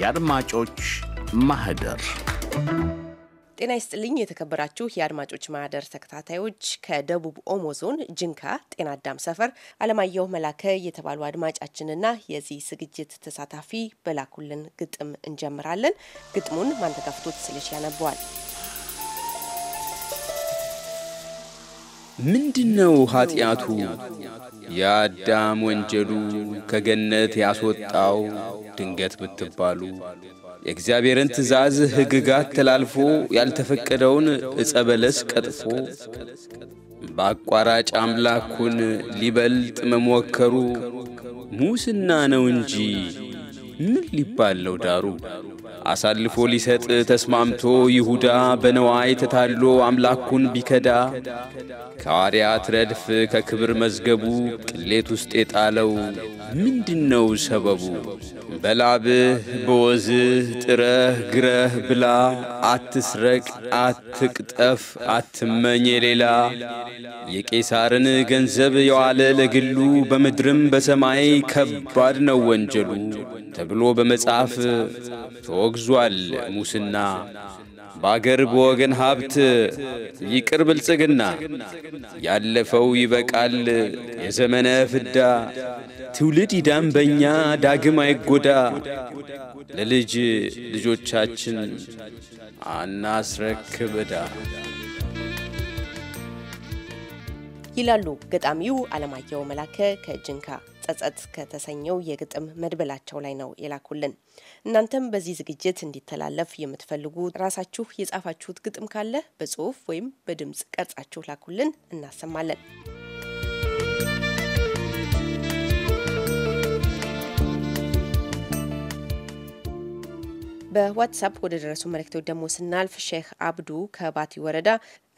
የአድማጮች ማህደር ጤና ይስጥልኝ የተከበራችሁ የአድማጮች ማህደር ተከታታዮች። ከደቡብ ኦሞ ዞን ጅንካ ጤና አዳም ሰፈር አለማየሁ መላከ የተባሉ አድማጫችንና የዚህ ዝግጅት ተሳታፊ በላኩልን ግጥም እንጀምራለን። ግጥሙን ማንተጋፍቶት ስልሽ ያነበዋል። ምንድነው ኀጢአቱ? የአዳም ወንጀሉ ከገነት ያስወጣው ድንገት ብትባሉ የእግዚአብሔርን ትእዛዝ ሕግጋት ተላልፎ ያልተፈቀደውን እጸበለስ ቀጥፎ በአቋራጭ አምላኩን ሊበልጥ መሞከሩ ሙስና ነው እንጂ ምን ሊባለው ዳሩ አሳልፎ ሊሰጥ ተስማምቶ ይሁዳ በነዋይ ተታሎ አምላኩን ቢከዳ ከሐዋርያት ረድፍ ከክብር መዝገቡ ቅሌት ውስጥ የጣለው ምንድነው ሰበቡ? በላብህ በወዝህ ጥረህ ግረህ ብላ፣ አትስረቅ፣ አትቅጠፍ፣ አትመኝ የሌላ። የቄሳርን ገንዘብ የዋለ ለግሉ በምድርም በሰማይ ከባድ ነው ወንጀሉ ተብሎ በመጽሐፍ ተወግዟል ሙስና። በአገር በወገን ሀብት ይቅር ብልጽግና። ያለፈው ይበቃል የዘመነ ፍዳ፣ ትውልድ ይዳም በእኛ ዳግም አይጎዳ። ለልጅ ልጆቻችን አናስረክብ ይላሉ ገጣሚው አለማየሁ መላከ ከጅንካ ጸጸት ከተሰኘው የግጥም መድበላቸው ላይ ነው የላኩልን። እናንተም በዚህ ዝግጅት እንዲተላለፍ የምትፈልጉ ራሳችሁ የጻፋችሁት ግጥም ካለ በጽሁፍ ወይም በድምፅ ቀርጻችሁ ላኩልን፣ እናሰማለን። በዋትሳፕ ወደ ደረሱ መልእክቶች ደግሞ ስናልፍ ሼህ አብዱ ከባቲ ወረዳ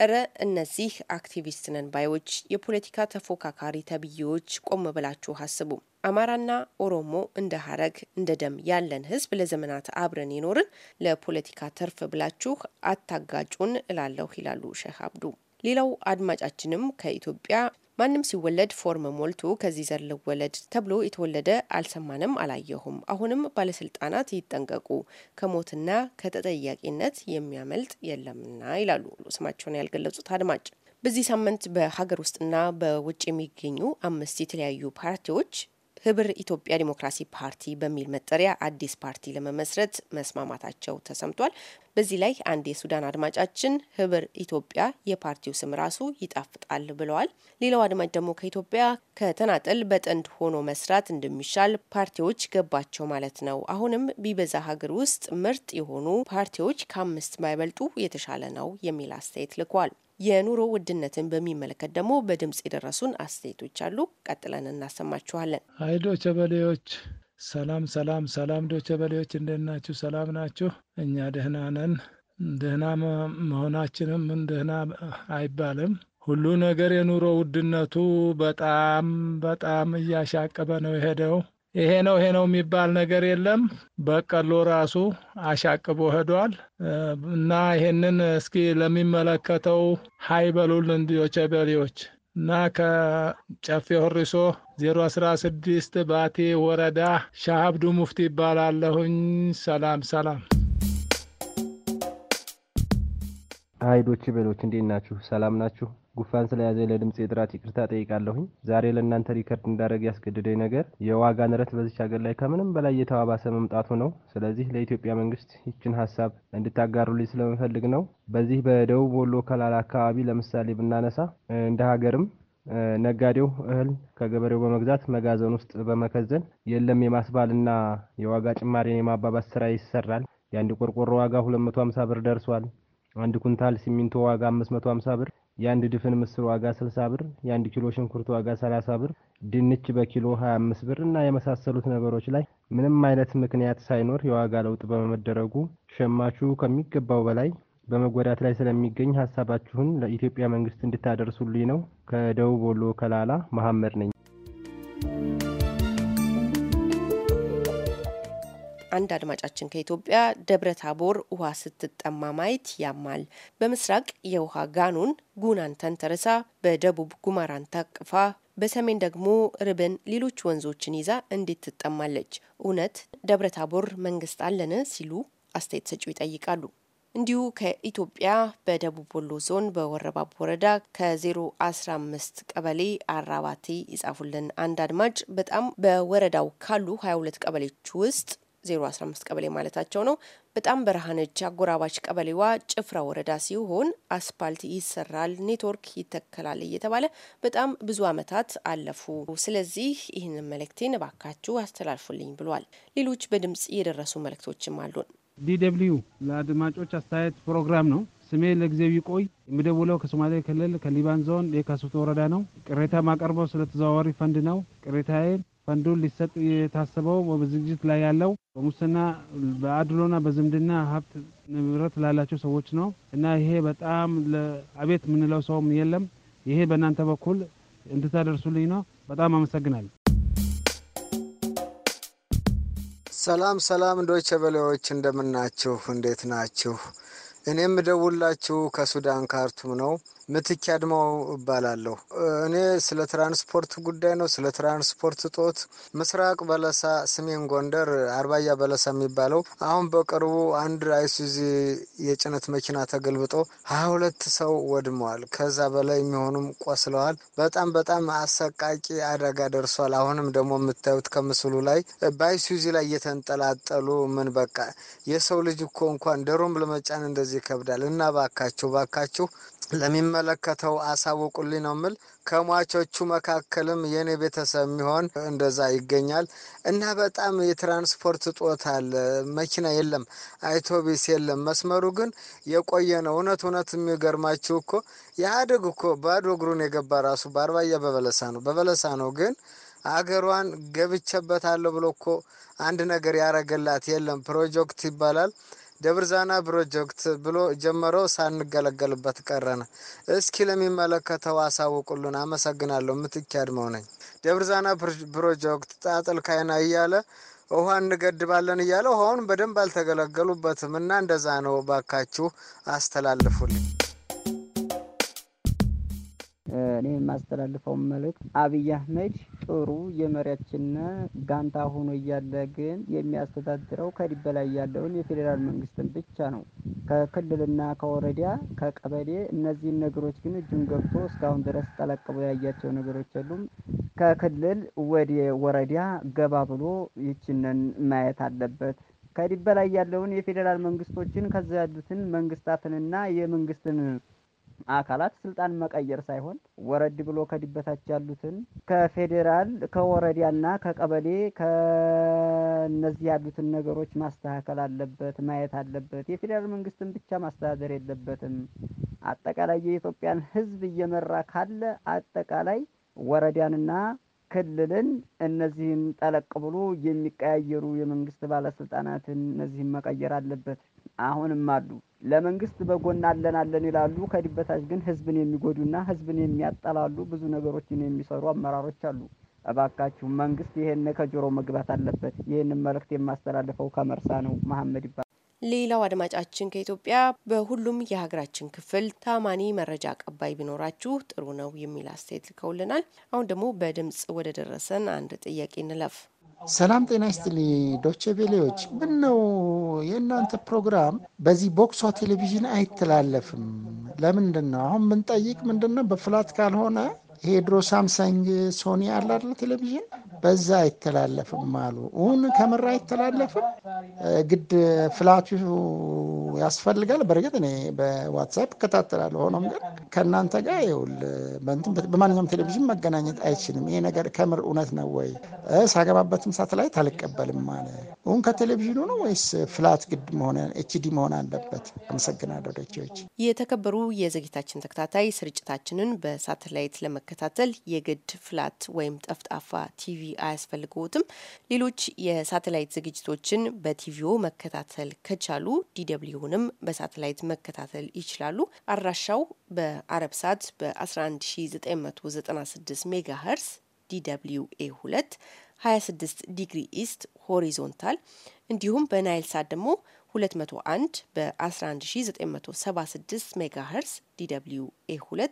እረ እነዚህ አክቲቪስት ነን ባዮች የፖለቲካ ተፎካካሪ ተብዬዎች ቆም ብላችሁ አስቡ። አማራና ኦሮሞ እንደ ሀረግ እንደ ደም ያለን ህዝብ ለዘመናት አብረን ይኖርን ለፖለቲካ ተርፍ ብላችሁ አታጋጩን እላለሁ ይላሉ ሼህ አብዱ። ሌላው አድማጫችንም ከኢትዮጵያ ማንም ሲወለድ ፎርም ሞልቶ ከዚህ ዘር ልወለድ ተብሎ የተወለደ አልሰማንም፣ አላየሁም። አሁንም ባለስልጣናት ይጠንቀቁ፣ ከሞትና ከተጠያቂነት የሚያመልጥ የለምና ይላሉ ስማቸውን ያልገለጹት አድማጭ። በዚህ ሳምንት በሀገር ውስጥና በውጭ የሚገኙ አምስት የተለያዩ ፓርቲዎች ህብር ኢትዮጵያ ዲሞክራሲ ፓርቲ በሚል መጠሪያ አዲስ ፓርቲ ለመመስረት መስማማታቸው ተሰምቷል። በዚህ ላይ አንድ የሱዳን አድማጫችን ህብር ኢትዮጵያ የፓርቲው ስም ራሱ ይጣፍጣል ብለዋል። ሌላው አድማጭ ደግሞ ከኢትዮጵያ ከተናጠል በጥንድ ሆኖ መስራት እንደሚሻል ፓርቲዎች ገባቸው ማለት ነው። አሁንም ቢበዛ ሀገር ውስጥ ምርጥ የሆኑ ፓርቲዎች ከአምስት ባይበልጡ የተሻለ ነው የሚል አስተያየት ልኳል። የኑሮ ውድነትን በሚመለከት ደግሞ በድምጽ የደረሱን አስተያየቶች አሉ። ቀጥለን እናሰማችኋለን። አይ ዶቸበሌዎች ሰላም ሰላም ሰላም። ዶቸበሌዎች እንዴት ናችሁ? ሰላም ናችሁ? እኛ ደህና ነን። ደህና መሆናችንም ምን ደህና አይባልም። ሁሉ ነገር የኑሮ ውድነቱ በጣም በጣም እያሻቀበ ነው የሄደው። ይሄ ነው ይሄ ነው የሚባል ነገር የለም። በቀሎ ራሱ አሻቅቦ ሄዷል እና ይሄንን እስኪ ለሚመለከተው ሀይ ሀይበሉልን በሌዎች እና ከጨፌ ሆሪሶ 016 ባቴ ወረዳ ሻሀብዱ ሙፍቲ ይባላለሁኝ። ሰላም ሰላም። ሀይዶች በሎች እንዴት ናችሁ? ሰላም ናችሁ? ጉፋን ስለያዘ ለድምፅ የጥራት ይቅርታ ጠይቃለሁኝ። ዛሬ ለእናንተ ሪከርድ እንዳደረግ ያስገድደኝ ነገር የዋጋ ንረት በዚች ሀገር ላይ ከምንም በላይ እየተባባሰ መምጣቱ ነው። ስለዚህ ለኢትዮጵያ መንግስት ይችን ሀሳብ እንድታጋሩልኝ ስለምፈልግ ነው። በዚህ በደቡብ ወሎ ከላላ አካባቢ ለምሳሌ ብናነሳ እንደ ሀገርም ነጋዴው እህል ከገበሬው በመግዛት መጋዘን ውስጥ በመከዘን የለም የማስባልና የዋጋ ጭማሪን የማባባስ ስራ ይሰራል። የአንድ ቆርቆሮ ዋጋ 250 ብር ደርሷል። አንድ ኩንታል ሲሚንቶ ዋጋ 550 ብር የአንድ ድፍን ምስር ዋጋ 60 ብር፣ የአንድ ኪሎ ሽንኩርት ዋጋ 30 ብር፣ ድንች በኪሎ 25 ብር እና የመሳሰሉት ነገሮች ላይ ምንም አይነት ምክንያት ሳይኖር የዋጋ ለውጥ በመደረጉ ሸማቹ ከሚገባው በላይ በመጎዳት ላይ ስለሚገኝ ሀሳባችሁን ለኢትዮጵያ መንግስት እንድታደርሱልኝ ነው። ከደቡብ ወሎ ከላላ መሐመድ ነኝ። አንድ አድማጫችን ከኢትዮጵያ ደብረ ታቦር ውሃ ስትጠማ ማየት ያማል። በምስራቅ የውሃ ጋኑን ጉናን ተንተርሳ፣ በደቡብ ጉማራን ታቅፋ፣ በሰሜን ደግሞ ርብን ሌሎች ወንዞችን ይዛ እንዴት ትጠማለች? እውነት ደብረ ታቦር መንግስት አለን? ሲሉ አስተያየት ሰጪው ይጠይቃሉ። እንዲሁ ከኢትዮጵያ በደቡብ ወሎ ዞን በወረባብ ወረዳ ከ015 ቀበሌ አራባቴ ይጻፉልን አንድ አድማጭ በጣም በወረዳው ካሉ 22 ቀበሌዎች ውስጥ 015 ቀበሌ ማለታቸው ነው። በጣም በረሃነች አጎራባች ቀበሌዋ ጭፍራ ወረዳ ሲሆን አስፓልት ይሰራል፣ ኔትወርክ ይተከላል እየተባለ በጣም ብዙ ዓመታት አለፉ። ስለዚህ ይህንን መልእክቴን እባካችሁ አስተላልፉልኝ ብሏል። ሌሎች በድምጽ የደረሱ መልእክቶችም አሉን። ዲደብልዩ ለአድማጮች አስተያየት ፕሮግራም ነው። ስሜ ለጊዜው ይቆይ። የምደውለው ከሶማሌ ክልል ከሊባን ዞን የካሱቶ ወረዳ ነው። ቅሬታ ማቀርበው ስለ ተዘዋዋሪ ፈንድ ነው። ቅሬታዬን ፈንዱ ሊሰጥ የታሰበው በዝግጅት ላይ ያለው በሙስና በአድሎና በዝምድና ሀብት ንብረት ላላቸው ሰዎች ነው እና ይሄ በጣም አቤት የምንለው ሰውም የለም። ይሄ በእናንተ በኩል እንድታደርሱልኝ ነው። በጣም አመሰግናለሁ። ሰላም ሰላም፣ ዶቼ ቬለዎች እንደምናችሁ፣ እንዴት ናችሁ? እኔም ደውላችሁ ከሱዳን ካርቱም ነው። ምትኪ አድማው እባላለሁ። እኔ ስለ ትራንስፖርት ጉዳይ ነው፣ ስለ ትራንስፖርት እጦት ምስራቅ በለሳ፣ ሰሜን ጎንደር አርባያ በለሳ የሚባለው አሁን በቅርቡ አንድ አይሱዚ የጭነት መኪና ተገልብጦ ሀያ ሁለት ሰው ወድመዋል። ከዛ በላይ የሚሆኑም ቆስለዋል። በጣም በጣም አሰቃቂ አደጋ ደርሷል። አሁንም ደግሞ የምታዩት ከምስሉ ላይ በአይሱዚ ላይ እየተንጠላጠሉ ምን በቃ የሰው ልጅ እኮ እንኳን ደሮም ለመጫን እንደዚህ ይከብዳል እና ባካችሁ ባካችሁ ለሚመ ለሚመለከተው አሳውቁልኝ ነው ምል። ከሟቾቹ መካከልም የኔ ቤተሰብ የሚሆን እንደዛ ይገኛል እና በጣም የትራንስፖርት እጦት አለ። መኪና የለም፣ አይቶቢስ የለም። መስመሩ ግን የቆየ ነው። እውነት እውነት የሚገርማችሁ እኮ ኢህአዴግ እኮ ባዶ እግሩን የገባ ራሱ በአርባያ በበለሳ ነው በበለሳ ነው ግን አገሯን ገብቼበታለሁ ብሎ እኮ አንድ ነገር ያረገላት የለም። ፕሮጀክት ይባላል ደብርዛና ፕሮጀክት ብሎ ጀመረው ሳንገለገልበት ቀረነ። እስኪ ለሚመለከተው አሳውቁልን። አመሰግናለሁ። ምትክ አድመው ነኝ። ደብርዛና ፕሮጀክት ጣጥል ካይና እያለ ውሃ እንገድባለን እያለ ውሃውን በደንብ አልተገለገሉበትም እና እንደዛ ነው። ባካችሁ አስተላልፉልኝ። እኔ የማስተላልፈው መልእክት አብይ አህመድ ጥሩ የመሪያችን ጋንታ ሆኖ እያለ ግን የሚያስተዳድረው ከዲህ በላይ ያለውን የፌዴራል መንግስትን ብቻ ነው። ከክልልና ከወረዳ ከቀበሌ እነዚህን ነገሮች ግን እጁን ገብቶ እስካሁን ድረስ ጠለቅ ብሎ ያያቸው ነገሮች የሉም። ከክልል ወደ ወረዳ ገባ ብሎ ይችንን ማየት አለበት። ከዲህ በላይ ያለውን የፌዴራል መንግስቶችን ከዛ ያሉትን መንግስታትንና የመንግስትን አካላት ስልጣን መቀየር ሳይሆን ወረድ ብሎ ከዲበታች ያሉትን ከፌዴራል ከወረዳና ከቀበሌ ከነዚህ ያሉትን ነገሮች ማስተካከል አለበት፣ ማየት አለበት። የፌዴራል መንግስትን ብቻ ማስተዳደር የለበትም። አጠቃላይ የኢትዮጵያን ሕዝብ እየመራ ካለ አጠቃላይ ወረዳንና ክልልን እነዚህን ጠለቅ ብሎ የሚቀያየሩ የመንግስት ባለስልጣናትን እነዚህም መቀየር አለበት። አሁንም አሉ። ለመንግስት በጎን አለናለን ይላሉ። ከዲህ በታች ግን ህዝብን የሚጎዱና ህዝብን የሚያጠላሉ ብዙ ነገሮችን የሚሰሩ አመራሮች አሉ። እባካችሁ መንግስት ይሄን ከጆሮ መግባት አለበት። ይህንን መልእክት የማስተላልፈው ከመርሳ ነው። መሀመድ ይባላል። ሌላው አድማጫችን ከኢትዮጵያ በሁሉም የሀገራችን ክፍል ታማኒ መረጃ አቀባይ ቢኖራችሁ ጥሩ ነው የሚል አስተያየት ልከውልናል። አሁን ደግሞ በድምጽ ወደ ደረሰን አንድ ጥያቄ እንለፍ። ሰላም ጤና ይስጥልኝ ዶቼ ቬሌዎች። ምን ነው የእናንተ ፕሮግራም በዚህ ቦክሷ ቴሌቪዥን አይተላለፍም? ለምንድን ነው አሁን ምንጠይቅ ምንድን ነው በፍላት ካልሆነ ይሄ ድሮ ሳምሰንግ ሶኒ አለ ቴሌቪዥን በዛ አይተላለፍም አሉ። እውን ከምር አይተላለፍም። ግድ ፍላቱ ያስፈልጋል። በእርግጥ እኔ በዋትሳፕ እከታተላለሁ። ሆኖም ግን ከእናንተ ጋር ይውል በማንኛውም ቴሌቪዥን መገናኘት አይችልም። ይሄ ነገር ከምር እውነት ነው ወይ? ሳገባበትም ሳተላይት አልቀበልም አለ። እውን ከቴሌቪዥኑ ነው ወይስ ፍላት ግድ መሆን ኤችዲ መሆን አለበት? አመሰግናለሁ። ደጆች የተከበሩ የዝግጅታችን ተከታታይ ስርጭታችንን በሳተላይት ለመ ለመከታተል የግድ ፍላት ወይም ጠፍጣፋ ቲቪ አያስፈልግዎትም። ሌሎች የሳተላይት ዝግጅቶችን በቲቪዮ መከታተል ከቻሉ ዲደብሊውንም በሳተላይት መከታተል ይችላሉ። አድራሻው በአረብ ሳት በ11996 ሜጋ ሄርስ ዲደብሊው ኤ 2 26 ዲግሪ ኢስት ሆሪዞንታል እንዲሁም በናይል ሳት ደግሞ 201 በ11976 ሜጋሄርስ ዲw ኤ2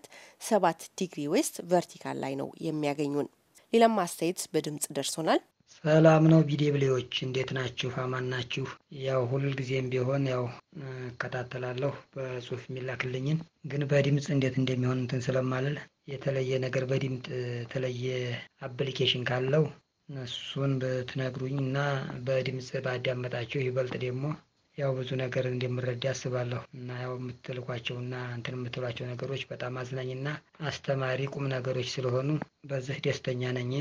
7 ዲግሪ ዌስት ቨርቲካል ላይ ነው የሚያገኙን። ሌላም አስተያየት በድምጽ ደርሶናል። ሰላም ነው ቢዴብሌዎች፣ እንዴት ናችሁ? አማን ናችሁ? ያው ሁል ጊዜም ቢሆን ያው እከታተላለሁ በጽሁፍ የሚላክልኝን ግን በድምፅ እንዴት እንደሚሆን እንትን ስለማልል የተለየ ነገር በድምፅ የተለየ አፕሊኬሽን ካለው እሱን ብትነግሩኝ እና በድምፅ ባዳመጣችሁ ይበልጥ ደግሞ ያው ብዙ ነገር እንደምረዳ አስባለሁ እና ያው የምትልኳቸውና እንትን የምትሏቸው ነገሮች በጣም አዝናኝና አስተማሪ ቁም ነገሮች ስለሆኑ በዚህ ደስተኛ ነኝ።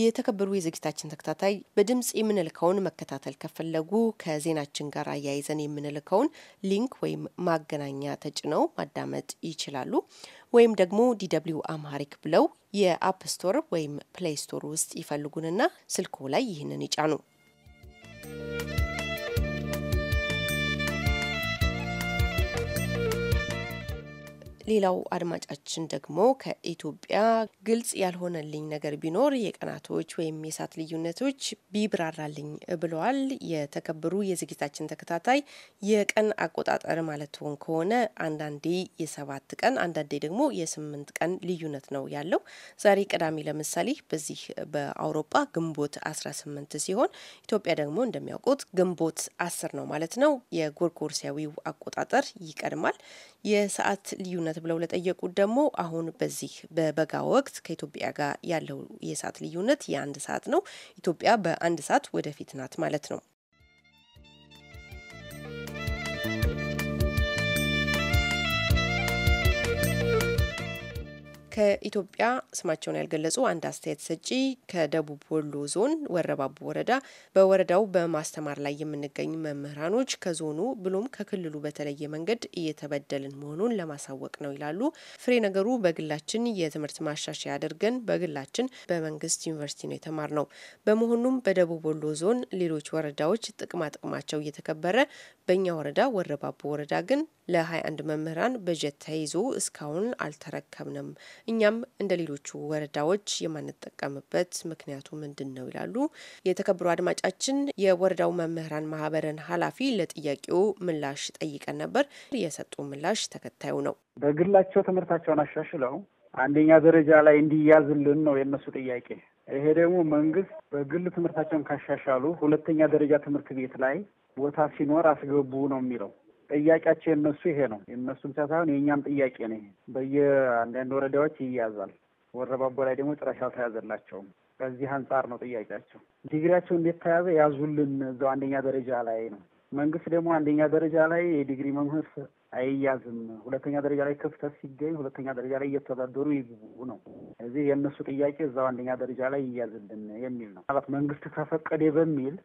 የተከበሩ የዝግጅታችን ተከታታይ በድምፅ የምንልከውን መከታተል ከፈለጉ ከዜናችን ጋር አያይዘን የምንልከውን ሊንክ ወይም ማገናኛ ተጭነው ማዳመጥ ይችላሉ። ወይም ደግሞ ዲደብሊው አምሃሪክ ብለው የአፕ ስቶር ወይም ፕሌይ ስቶር ውስጥ ይፈልጉንና ስልክዎ ላይ ይህንን ይጫኑ። ሌላው አድማጫችን ደግሞ ከኢትዮጵያ ግልጽ ያልሆነልኝ ነገር ቢኖር የቀናቶች ወይም የሰዓት ልዩነቶች ቢብራራልኝ ብለዋል። የተከበሩ የዝግጅታችን ተከታታይ የቀን አቆጣጠር ማለትሆን ከሆነ አንዳንዴ የሰባት ቀን አንዳንዴ ደግሞ የስምንት ቀን ልዩነት ነው ያለው። ዛሬ ቅዳሜ ለምሳሌ በዚህ በአውሮፓ ግንቦት 18 ሲሆን ኢትዮጵያ ደግሞ እንደሚያውቁት ግንቦት 10 ነው ማለት ነው። የጎርጎርሲያዊው አቆጣጠር ይቀድማል። የሰዓት ልዩነት ልዩነት ብለው ለጠየቁት ደግሞ አሁን በዚህ በበጋ ወቅት ከኢትዮጵያ ጋር ያለው የሰዓት ልዩነት የአንድ ሰዓት ነው። ኢትዮጵያ በአንድ ሰዓት ወደፊት ናት ማለት ነው። ከኢትዮጵያ ስማቸውን ያልገለጹ አንድ አስተያየት ሰጪ ከደቡብ ወሎ ዞን ወረባቡ ወረዳ በወረዳው በማስተማር ላይ የምንገኝ መምህራኖች ከዞኑ ብሎም ከክልሉ በተለየ መንገድ እየተበደልን መሆኑን ለማሳወቅ ነው ይላሉ። ፍሬ ነገሩ በግላችን የትምህርት ማሻሻያ አድርገን በግላችን በመንግስት ዩኒቨርሲቲ ነው የተማር ነው። በመሆኑም በደቡብ ወሎ ዞን ሌሎች ወረዳዎች ጥቅማጥቅማቸው እየተከበረ በእኛ ወረዳ ወረባቡ ወረዳ ግን ለ21 መምህራን በጀት ተይዞ እስካሁን አልተረከብንም። እኛም እንደ ሌሎቹ ወረዳዎች የማንጠቀምበት ምክንያቱ ምንድን ነው ይላሉ። የተከበሩ አድማጫችን የወረዳው መምህራን ማህበርን ኃላፊ ለጥያቄው ምላሽ ጠይቀን ነበር። የሰጡ ምላሽ ተከታዩ ነው። በግላቸው ትምህርታቸውን አሻሽለው አንደኛ ደረጃ ላይ እንዲያዝልን ነው የእነሱ ጥያቄ። ይሄ ደግሞ መንግስት በግል ትምህርታቸውን ካሻሻሉ ሁለተኛ ደረጃ ትምህርት ቤት ላይ ቦታ ሲኖር አስገቡ ነው የሚለው። ጥያቄያቸው የነሱ ይሄ ነው። የነሱ ብቻ ሳይሆን የእኛም ጥያቄ ነው ይሄ። በየአንዳንድ ወረዳዎች ይያዛል። ወረባቦ ላይ ደግሞ ጥረሻ አልተያዘላቸውም። ከዚህ አንጻር ነው ጥያቄያቸው። ዲግሪያቸው እንዴት ተያዘ? ያዙልን እዛው አንደኛ ደረጃ ላይ ነው። መንግስት ደግሞ አንደኛ ደረጃ ላይ የዲግሪ መምህር አይያዝም፣ ሁለተኛ ደረጃ ላይ ክፍተት ሲገኝ ሁለተኛ ደረጃ ላይ እየተዳደሩ ይግቡ ነው። እዚህ የእነሱ ጥያቄ እዛው አንደኛ ደረጃ ላይ ይያዝልን የሚል ነው። ምናልባት መንግስት ተፈቀደ በሚል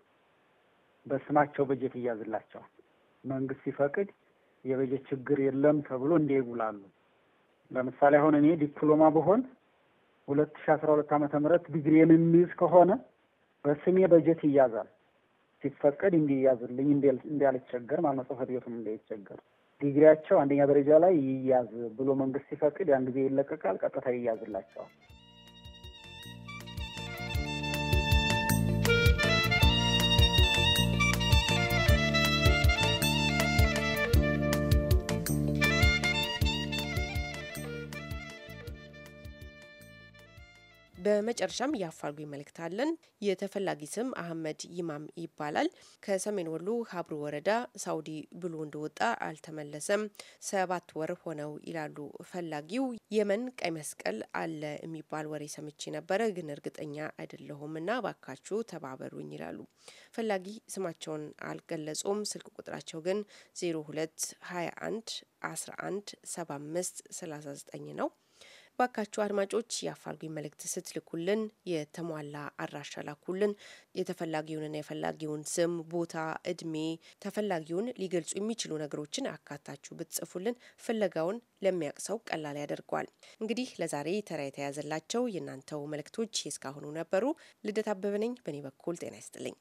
በስማቸው በጀት ይያዝላቸዋል። መንግስት ሲፈቅድ የበጀት ችግር የለም ተብሎ እንዲ ይውላሉ። ለምሳሌ አሁን እኔ ዲፕሎማ በሆን ሁለት ሺ አስራ ሁለት ዓመተ ምህረት ዲግሪ የምንይዝ ከሆነ በስሜ በጀት ይያዛል። ሲፈቀድ እንዲያዝልኝ እንዲያልቸገር ማለት ነው። ጽህፈት ቤቱም እንዳይቸገር ዲግሪያቸው አንደኛ ደረጃ ላይ ይያዝ ብሎ መንግስት ሲፈቅድ ያን ጊዜ ይለቀቃል፣ ቀጥታ ይያዝላቸዋል። በመጨረሻም የአፋልጉኝ ይመልክታለን። የተፈላጊ ስም አህመድ ይማም ይባላል። ከሰሜን ወሎ ሀብሩ ወረዳ ሳውዲ ብሎ እንደወጣ አልተመለሰም። ሰባት ወር ሆነው ይላሉ ፈላጊው። የመን ቀይ መስቀል አለ የሚባል ወሬ ሰምቼ ነበረ፣ ግን እርግጠኛ አይደለሁም እና ባካችሁ ተባበሩኝ ይላሉ። ፈላጊ ስማቸውን አልገለጹም። ስልክ ቁጥራቸው ግን 0221 ነው። ባካችሁ አድማጮች የአፋልጉኝ መልእክት ስትልኩልን የተሟላ አድራሻ ላኩልን። የተፈላጊውንና የፈላጊውን ስም፣ ቦታ፣ እድሜ ተፈላጊውን ሊገልጹ የሚችሉ ነገሮችን አካታችሁ ብትጽፉልን ፍለጋውን ለሚያቅሰው ቀላል ያደርጓል። እንግዲህ ለዛሬ ተራ የተያዘላቸው የእናንተው መልእክቶች የእስካሁኑ ነበሩ። ልደት አበበ ነኝ። በእኔ በኩል ጤና ይስጥልኝ።